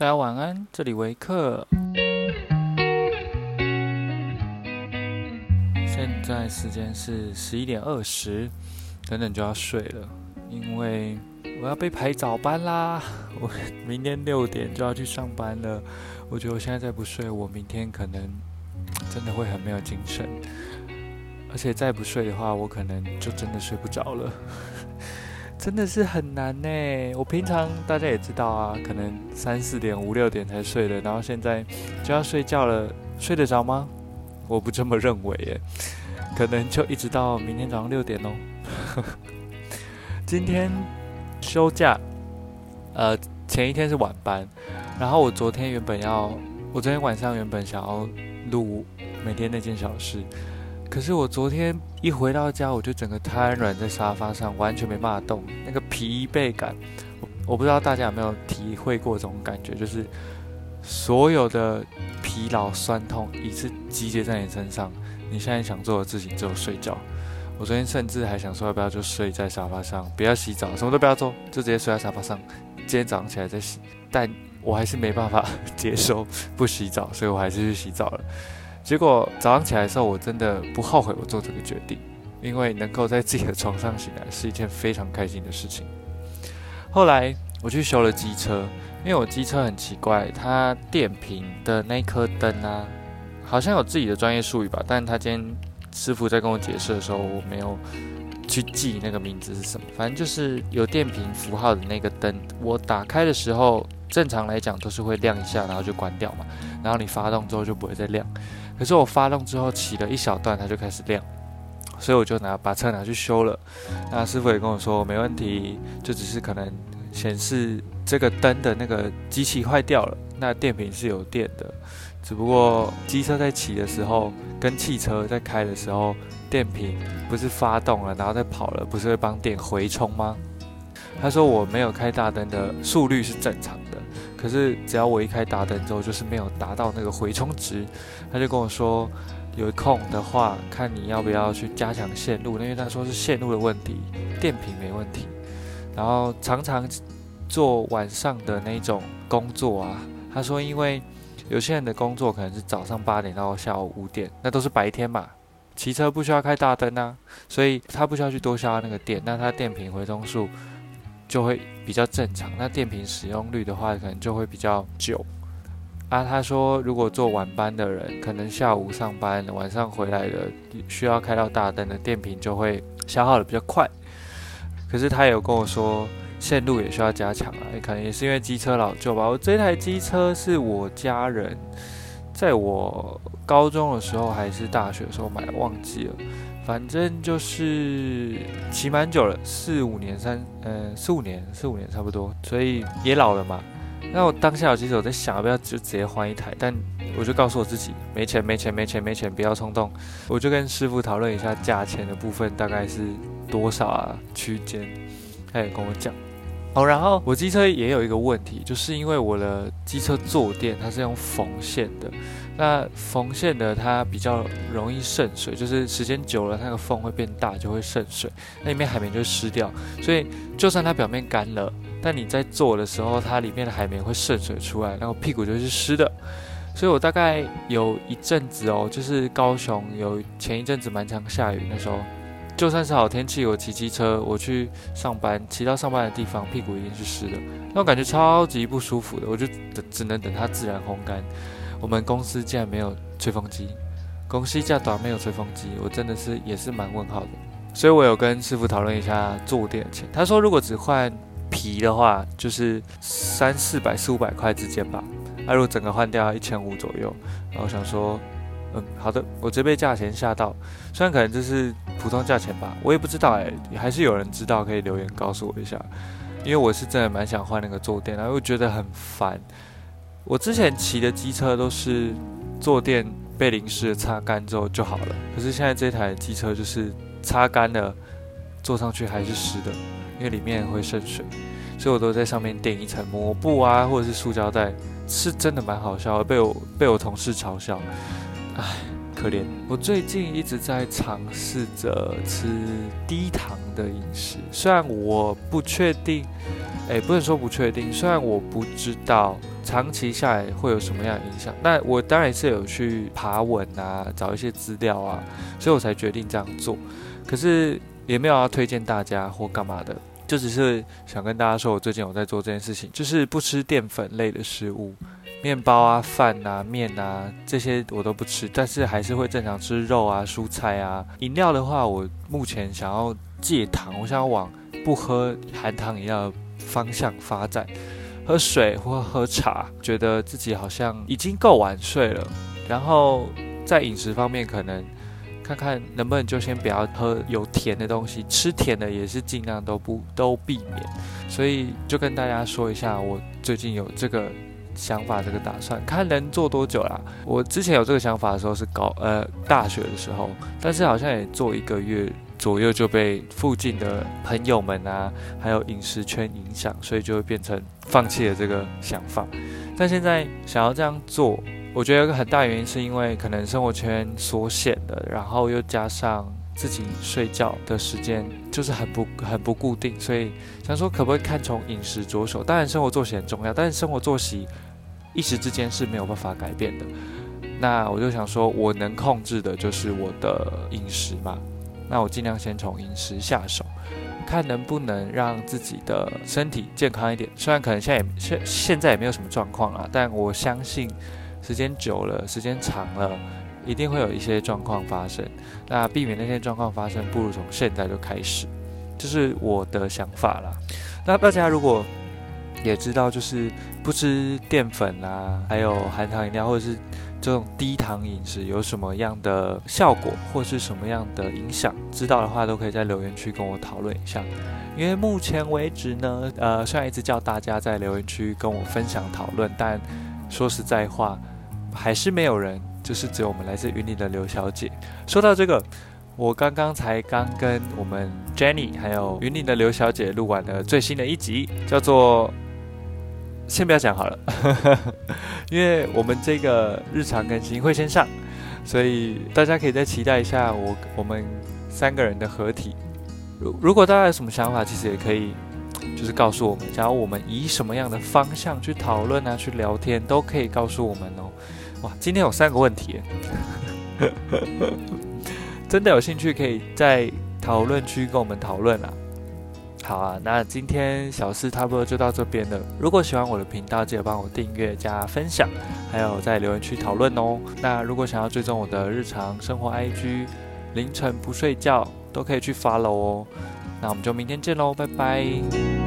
大家晚安，這裡維克。現在時間是十一點二十，等等就要睡了，因為我要被排早班啦。我明天六點就要去上班了，我覺得我現在再不睡，我明天可能真的會很沒有精神，而且再不睡的話，我可能就真的睡不着了。真的是很難呢。我平常大家也知道啊，可能三四點、五六點才睡的，然後現在就要睡覺了，睡得着嗎？我不這麼認為耶，可能就一直到明天早上六點囉。 今天休假，呃，前一天是晚班，然後我昨天原本要，我昨天晚上原本想要錄每天那件小事。可是我昨天一回到家，我就整個癱軟在沙發上，完全沒辦法動。那個疲憊感我，我不知道大家有沒有體會過這種感覺，就是所有的疲勞、痠痛，一次集結在你身上。你現在想做的事情只有睡覺。我昨天甚至還想說，要不要就睡在沙發上，不要洗澡，什麼都不要做，就直接睡在沙發上。今天早上起來再洗，但我還是沒辦法接受不洗澡，所以我還是去洗澡了。結果早上起來的時候，我真的不後悔我做這個決定，因為能夠在自己的床上醒來是一件非常開心的事情。後來我去修了機車，因為我機車很奇怪，它電瓶的那顆燈啊，好像有自己的專業術語吧，但他今天師傅在跟我解釋的時候，我沒有去記那個名字是什麼，反正就是有電瓶符號的那個燈，我打開的時候。正常來講都是會亮一下，然後就關掉嘛。然後你發動之後就不會再亮。可是我發動之後騎了一小段，它就開始亮，所以我就拿把車拿去修了。那師傅也跟我說沒問題，就只是可能顯示這個燈的那個機器壞掉了。那電瓶是有電的，只不過機車在騎的時候跟汽車在開的時候，電瓶不是發動了然後再跑了，不是會幫電回充嗎？他說我沒有開大燈的速率是正常。可是只要我一開大燈之後，就是沒有達到那個回充值，他就跟我說，有空的話看你要不要去加強線路，因為他說是線路的問題，電瓶沒問題。然後常常做晚上的那種工作啊，他說因為有些人的工作可能是早上八點到下午五點，那都是白天嘛，騎車不需要開大燈啊，所以他不需要去多消耗那個電，那他電瓶回充數，就會比較正常。那電瓶使用率的話，可能就會比較久。啊，他說如果做晚班的人，可能下午上班、晚上回來的，需要開到大燈的電瓶就會消耗得比較快。可是他有跟我說，線路也需要加強啊，可能也是因為機車老舊吧。我這台機車是我家人在我高中的時候還是大學的時候買，忘記了。反正就是騎蠻久了，四五年三，嗯，四五年，四五年差不多，所以也老了嘛。那我當下，其實我在想，要不要就直接換一台？但我就告訴我自己，沒錢，沒錢，沒錢，沒錢，不要衝動。我就跟師傅討論一下價錢的部分，大概是多少啊？區間，他也跟我講。好、哦，然後我機車也有一個問題，就是因為我的機車坐墊它是用縫線的，那縫線的它比較容易滲水，就是時間久了那個縫會變大，就會滲水，那裡面海綿就濕掉。所以就算它表面乾了，但你在坐的時候，它裡面的海綿會滲水出來，那個屁股就是濕的。所以我大概有一陣子哦，就是高雄有前一陣子蠻常下雨，那時候。就算是好天氣，我騎機車，我去上班，騎到上班的地方，屁股一定是濕的，那我感覺超級不舒服的，我就等只能等它自然烘乾。我們公司竟然沒有吹風機，公司這麼短沒有吹風機，我真的是也是蠻問號的。所以我有跟師傅討論一下坐墊的錢，他說如果只換皮的話，就是三四百四五百塊之間吧，那、啊、如果整個換掉，一千五左右。然後我想說。嗯，好的，我直接被價錢嚇到，雖然可能就是普通價錢吧，我也不知道哎、欸，還是有人知道可以留言告訴我一下，因為我是真的蠻想換那個坐墊、啊，然後又覺得很煩。我之前騎的機車都是坐墊被淋濕，擦乾之後就好了，可是現在這台機車就是擦乾了，坐上去還是濕的，因為裡面會滲水，所以我都在上面墊一層抹布啊，或者是塑膠袋，是真的蠻好笑，被我被我同事嘲笑。哎，可憐我最近一直在嘗試着吃低糖的飲食，雖然我不確定，哎、欸，不能說不確定，雖然我不知道長期下來會有什麼樣的影響。那我當然是有去爬文啊，找一些資料啊，所以我才決定這樣做。可是也沒有要推薦大家或幹嘛的，就只是想跟大家說我最近有在做這件事情，就是不吃澱粉類的食物。麵包啊、飯啊、麵啊，這些我都不吃，但是還是會正常吃肉啊、蔬菜啊。飲料的話，我目前想要戒糖，我想要往不喝含糖飲料方向發展，喝水或喝茶。覺得自己好像已經夠晚睡了，然後在飲食方面可能看看能不能就先不要喝有甜的東西，吃甜的也是盡量都不都避免。所以就跟大家說一下，我最近有這個。想法、這個打算，看能做多久啦。我之前有這個想法的時候是高呃、大學的時候，但是好像也做一個月左右就被附近的朋友們啊，還有飲食圈影響，所以就會變成放棄了這個想法。但現在想要這樣做，我覺得有一個很大原因是因為可能生活圈縮限的，然後又加上。自己睡覺的時間就是很不很不固定，所以想說可不可以看從飲食着手。當然生活作息很重要，但是生活作息一時之間是沒有辦法改變的。那我就想說，我能控制的就是我的飲食嘛。那我盡量先從飲食下手，看能不能讓自己的身體健康一點。雖然可能現在也現現在也沒有什麼狀況啊，但我相信時間久了，時間長了。一定會有一些狀況發生，那避免那些狀況發生，不如從現在就開始，這、就是我的想法啦。那大家如果也知道，就是不吃澱粉啊，還有含糖飲料，或者是這種低糖飲食，有什麼樣的效果或者是什麼樣的影響？知道的話都可以在留言區跟我討論一下。因為目前為止呢，呃，雖然一直叫大家在留言區跟我分享討論，但說實在話，還是沒有人。就是只有我們來自雲林的劉小姐。說到這個，我剛剛才剛跟我們 Jenny 還有雲林的劉小姐錄完了最新的一集，叫做“先不要講好了”， 因為我們這個日常更新會先上，所以大家可以再期待一下我我們三個人的合體。如如果大家有什麼想法，其實也可以就是告訴我們，然後我們以什麼樣的方向去討論啊，去聊天都可以告訴我們哦。哇，今天有三個問題， 真的有興趣可以在討論區跟我們討論啦、啊。好啊，那今天小事差不多就到這邊了。如果喜歡我的頻道，記得幫我訂閱、加分享，還有在留言區討論哦。那如果想要追蹤我的日常生活，IG 凌晨不睡覺都可以去 follow 哦。那我們就明天見嘍，拜拜。